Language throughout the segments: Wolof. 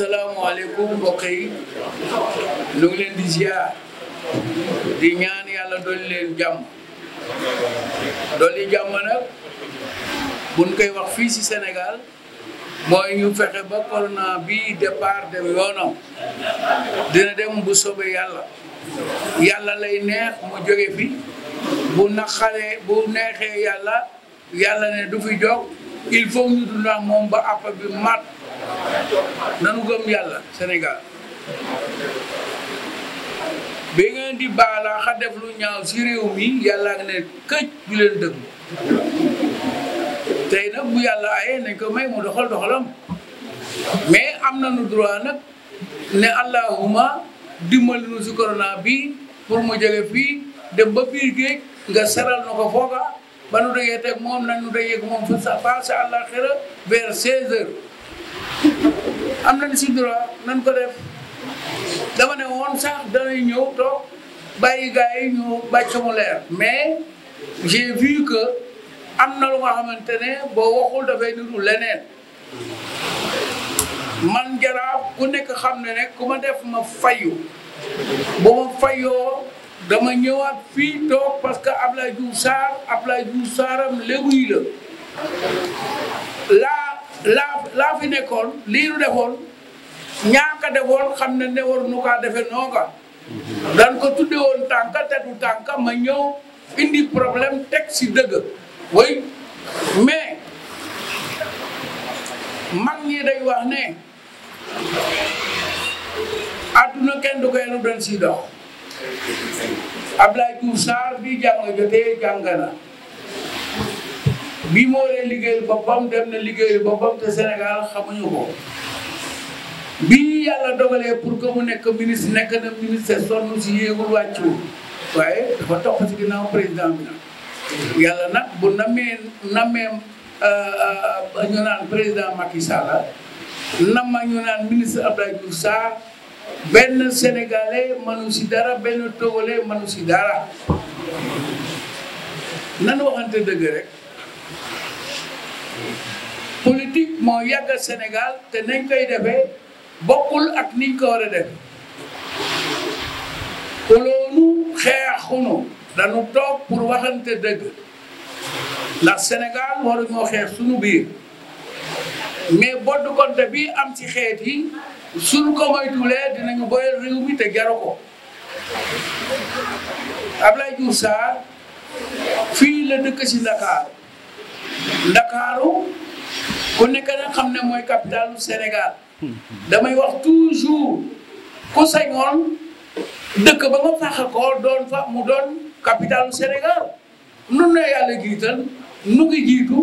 asalaamaaleykum mbokk yi ñu leen di ziar di ñaan yàlla dolli leen jàmm dolli jàmm nag buñ koy wax fii ci Sénégal mooy ñu fexe ba corona bii départ dem yoonam dina dem bu soobee yàlla yàlla lay neex mu jóge fi bu naqaree bu neexee yàlla yàlla ne du fi jóg il faut ñu dund moom ba àpp bi mat. nanu gëm yàlla Sénégal bi ngeen di baala xa def lu ñaaw si réew mi yàlla nga ne këj du leen dëgg tey nag bu yàlla ayee nañ ko may mu doxal doxalam mais am nañu droit nag ne allahuma dimbali nu si corona bi pour mu jóge fii dem ba biir géej nga saral na ko fooga ba nu degee teg moom nag nu moom fa sa allah xira vers 16 heures am nañ si droit nañ ko def dama ne won sax danay ñëw toog bàyyi gars ñu bàcc mu leer mais j'ai vu que am na lu nga xamante ne boo waxul dafay niru leneen man jaraaf ku nekk xam ne ne ku ma def ma fayu bu ma fayoo dama ñëwaat fii toog parce que Ablaye Diouf Sarr Ablaye Diouf Sarram léegi la laa laa fi nekkoon lii nu defoon ñaaka defoon xam ne ne war nu kaa defe nooga dan ko tudde woon tànka te du tànka ma ñëw indi problème teg si dëgg way mais mag ñi day wax ne adduna kenn du ko yenu doon si dox Ablaye Diouf Sarr bi jàng jotee jàng bii moo leen liggéeyal boppam dem na liggéeyal boppam te Sénégal xamuñu ko bii yàlla dogalee pour que mu nekk ministre nekk na ministre sonn si yéegul wàccul waaye dafa tox si ginnaaw président bi yàlla nag bu namee namee euh, ñu naan président Macky Sall nama ñu naan ministre Abdoulaye Diouf saa benn sénégalais mënu si dara benn togolais manu si dara nan waxante dëgg rek politique moo yàgg Sénégal te nañ koy defee bokkul ak niñ ko war a def xuloonu xeexunu toog pour waxante dëgg ndax Sénégal waruñoo xeex sunu biir mais bodd konte bi am ci xeet yi suñu ko moytuwulee dinañu boyal réew mi te jaru ko Ablaye Diouf Sarr fii la dëkk ci Ndakaaru Ndakaaru ku nekk nag xam ne mooy capitalu Sénégal damay wax toujours ku sañoon dëkk ba nga faxe ko doon fa mu doon capitalu Sénégal nun na yàlla jiital nu ngi jiitu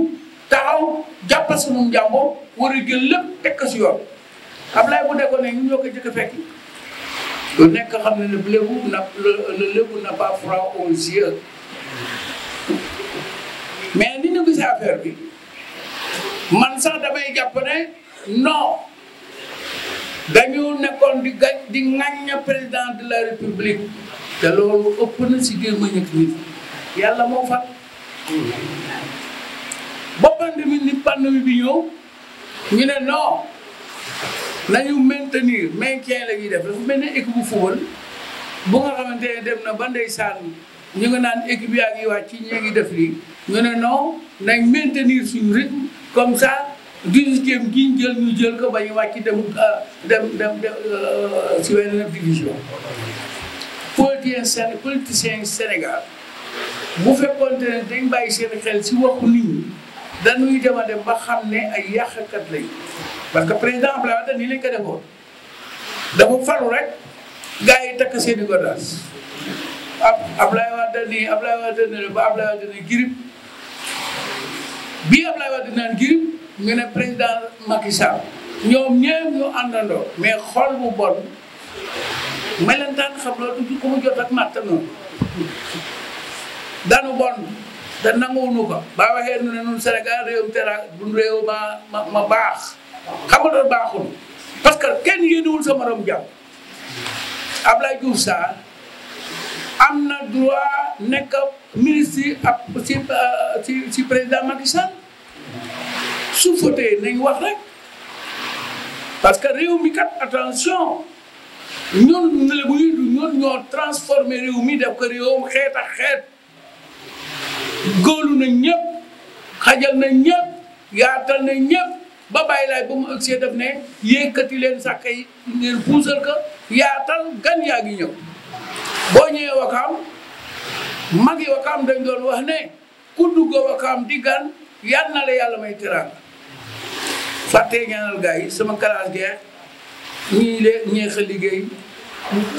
taxaw jàppa sunum njàmbur war a jël lépp teg ko si yoon Ablaye bu nekkoon ne ñu ñoo ko jëkk fekki lu nekk xam ne ne lébu na le n'a pas froid aux yeux mais ni ñu gisee affaire bi man sax damay jàpp ne non dañu nekkoon di ga di ŋàñña président de la république te loolu ëpp na si gémmañ ak nit yàlla moo fat ba pandémie ni pandémie bi ñëw ñu ne non nañu maintenir maintien la ñuy def dafa mel ne équipe bu football bu nga xamante ne dem na ba ndeysaan ñu ngi naan équipe yaa ngi wàcc ñee ngi def lii ñu ne non nañ maintenir suñu rythme comme sa dix-huitième gi ñu jël ñu jël ko ba ñu wàcc dem euh, dem dem si euh, beneen division. politicien politicien Sénégal bu fekkoonte ne dañ bàyyi seen xel si waxu nit ñi dañuy dem a dem ba xam ne ay yàqkat lañu parce que président Abdoulaye Wade nii lañ ko defoon dafa rek gars yi takk seen i godaas ab Abdoulaye Wade nii Abdoulaye Wade nii bii Abdoulaye Wade naan girib nga président Macky Sall ñoom ñëpp ñu àndandoo mais xol bu bon melentaan xam loolu du ko mu jot ak matt noonu danu bon te nanguwuñu ko ba waxee nu ne nun Sénégal réewum tera du réew ma baax xam nga doon baaxul parce que kenn yéenewul sa morom jàmm Abdoulaye Diouf Sarr am na droit nekk ministre ak si euh, président Macky su fotee nañ wax rek parce que réew mi kat attention ñun lébu yi ñoo transformé réew mi def ko réewam xeet ak xeet góolu na ñëpp xajal na ñëpp yaatal na ñëpp ba bàyyi laay ba mu ëgsee def ne yëkkati leen sàkk yi ngeen puusal ko yaatal gan yaa ngi ñëw boo ñëwee wakaam mag yi wakaam dañ doon wax ne ku dugg wakaam di gan yal na la may teraanga fàtte ñaanal gars sama classe geex ñii lee ñeex liggéey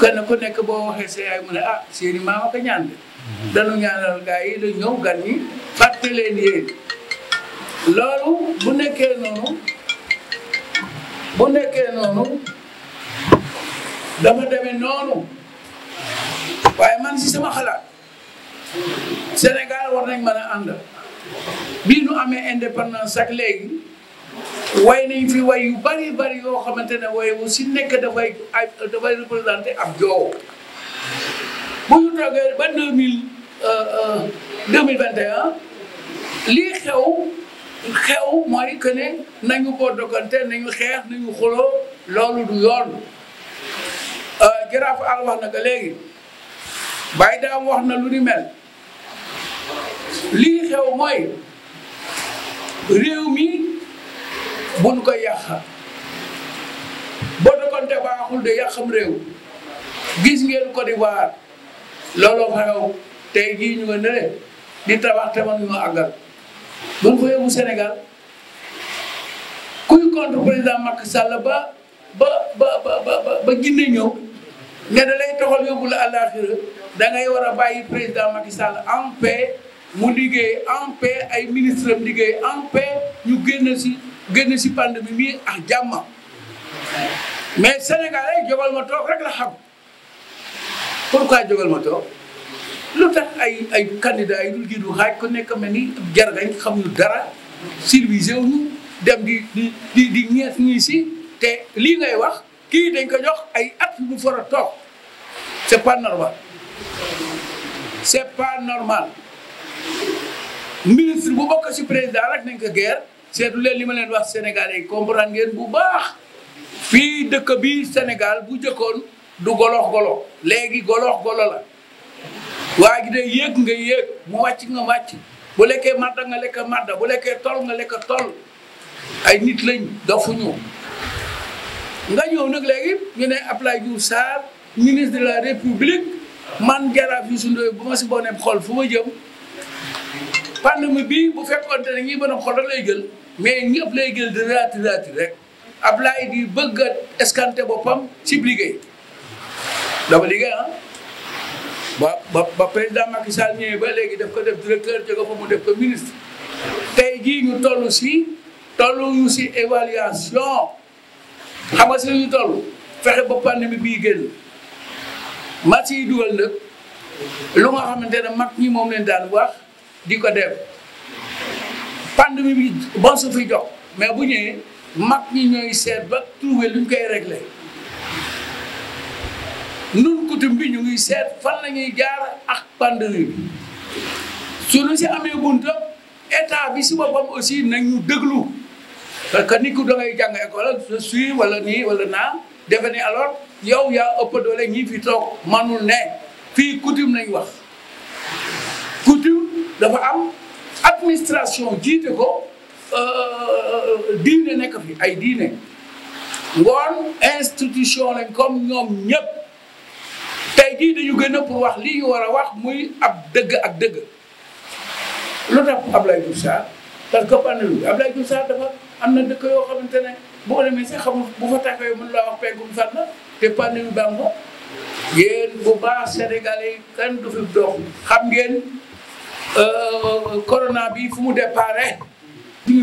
kenn ku nekk boo waxee sa yaay mu ne ah seeni maama ko ñaan de danu ñaanal gars yi la ñëw gan ñi fàtte leen yéen loolu bu nekkee noonu bu nekkee noonu dama demee noonu waaye man si sama xalaat Sénégal war nañ mën a ànd bi nu amee indépendance ak léegi way nañ fi way yu bari bari yoo xamante ne way wu si nekk dafay représenté ab joow bu ñu toogee ba deux mille euh, euh, deux mille lii xew xew mooy que ne nañu boo dogante nañu xeex nañu xuloo loolu du yoon euh, jaraaf al wax na ko léegi bàyyi daam wax na lu ni mel lii xew mooy réew mi buñ ko yàq boo dëkkonte baaxul de yàqam réew gis ngeen Côte d'Ivoire looloo fa xew tey jii ñu nga nele di tabax te mënuñu àggal buñ ko yóbbu Sénégal kuy contre président Macky Sall ba ba ba ba ba ginne ñëw ne da lay toxal yóbbu la àllaaxira da ngay war a bàyyi président Macky Sall en paix mu liggéey en paix ay ministre am liggéey en paix ñu génn si génn si pandémie mi ak jàmmam mais sénégalais jógal ma toog rek la xam pourquoi jógal ma toog lu tax ay ay candidat yi dul gi du xaaj ku nekk mel jargañ xam ñu dara civilisé wu ñu dem di ñees ñii si te lii ngay wax kii dañ ko jox ay at yu mu a toog c'est pas normal c'est pa normal ministre bu bokk si président rek nañ ko guerre seetu leen li ma leen wax sénégalais yi comprendre ngeen bu baax fii dëkk bi Sénégal bu jëkkoon du golox golo léegi golox golo la waa gi de yéeg nga yéeg mu wàcc nga wàcc bu lekkee madda nga lekk madda bu lekkee tol nga lekk tol ay nit lañ dofuñu nga ñëw nag léegi ñu ne Abdoulaye Diouf Sarr ministre de la république man jaraaf Youssou Ndoye bu ma si bonee xool fu ma jëm pandémie bi bu fekkoonte ne ñi mën a xool lay jël mais ñëpp lay gën di raati raati rek Ablaye di bëgg a boppam ci liggéey dama liggéey ah ba ba ba président Macky Sall ñëwee ba léegi def ko def directeur jóge fa mu def ka ministre tey jii ñu tollu si tolluñu si évaluation xam nga si ñu toll fexe ba pandémie bii génn marché yi dugal nag lu nga xamante ne mag ñi moom leen daan wax di ko def pandémie ba su fi jox mais bu ñëwee mag ñi ñooy seet ba trouver luñ koy réglé nu coutume bi ñu ngi seet fan lañuy jaar ak pandémie bi su ñu si amee bunta état bi si boppam aussi nañu déglu parce que nit ku dangay jàng école je suis wala nii wala naa defe ni alors yow yaa ëpp doole ñi fi toog manul ne fii coutume lañ wax coutume dafa am administration jiite ko euh, euh, diine nekk fi ay diine ngoon institution lañ comme ñoom ñëpp tey jii ñu gën a pour wax lii war a wax muy ab dëgg ak dëgg lu ab Abdoulaye Diouf Sarr parce que panelu bi Abdoulaye Diouf Sarr dafa am na dëkk yoo xamante ne bu ko demee sax xamul bu fa tàkkee mën laa wax peggum sànn te panelu baa ngi ko yéen bu baax Sénégalais yi kenn du fi dox xam ngeen Euh, corona bi fu mu déparé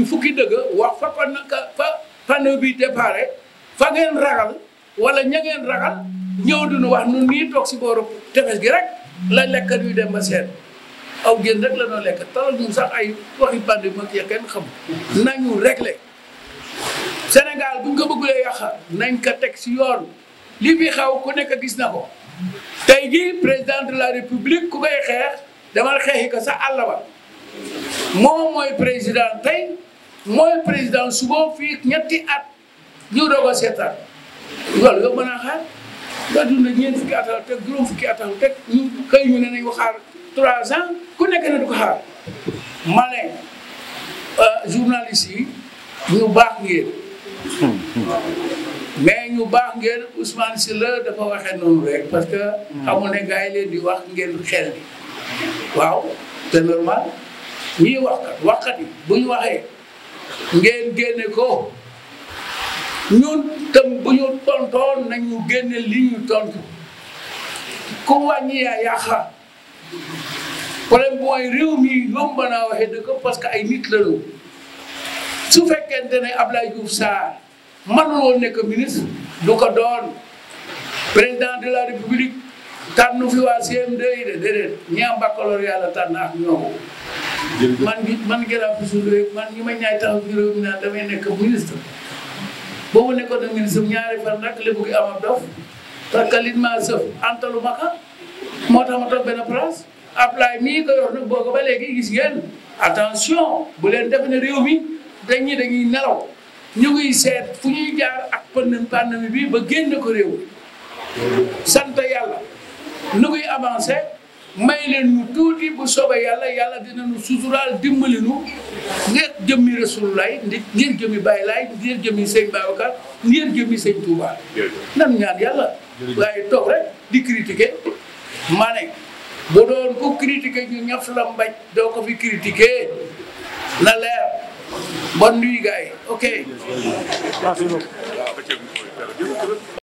fukki dëgg wax fa pan fa panneau bi déparé fa ngeen ragal wala ña ngeen ragal ñëw nu wax nun nii toog si booru tefes gi rek la lekkat yu dem ba seet aw génn rek la noo lekk talal ñu sax ay waxi bandi mag ya kenn xam nañu réglé Sénégal buñ ko bëggulee yàqa nañ ko teg si yoon li fi xaw ku nekk gis na ko tey jii président de la république ku koy xeex demal xeexi ko sa àll ba moom mooy président tey mooy président suba fii ñetti at ñu doog a seetaan loolu yow mën a xaar nga dund ñeent fukki atal teg juróom fukki atal teg ñu xëy ñu ne nañu xaar trois ans ku nekk na du ko xaar ma ne euh, journaliste yi ñu baax ngeen mais ñu baax ngeen Ousmane Sylla dafa waxee noonu rek parce que hmm. xamu ne gars yi leen di wax ngeen xel bi waaw te normal ñii waxkat waxkat yi bu ñu waxee ngeen génne ko ñun tam bu ñu tontoon nañu génne li ñu tontu ku wàññi yaa yàqa problème mooy réew mi yomb naa waxee dëgg parce que ay nit lañu su fekkente ne Abdoulaye Diouf Sarr mënul woon nekk ministre du ko doon président de la république tànnu fi waa CM2 yi de déedéet ñi am baccalauréat la tànn ak ñoo man gi man Ngelaw Bissoulou man ñi ma ñaay taxaw bureau bi naan damay nekk ministre. boobu na ministre ñaari fan nag li bëgg am ab dof maa moo tax ma toog benn place ko ba léegi gis ngeen attention bu leen def ne réew mi dañuy dañuy nelaw ñu ngi seet fu ñuy jaar ak pandémie bi ba génn ko réew sant yàlla nu ngi avancé may leen ñu tuuti bu soobee yàlla yàlla dina nu suturaal dimbali nu ngir jëmmi Rasulullaay ndi ngir jëmmi Baay Laay ngir jëmmi sëñ Babacar ngir jëmmi sëñ Touba. nan ñaan yàlla. waaye toog rek di critiquer ma ne bu doon ku critiquer ñu ñaf la doo ko fi critiquer na leer bonne nuit gars ok.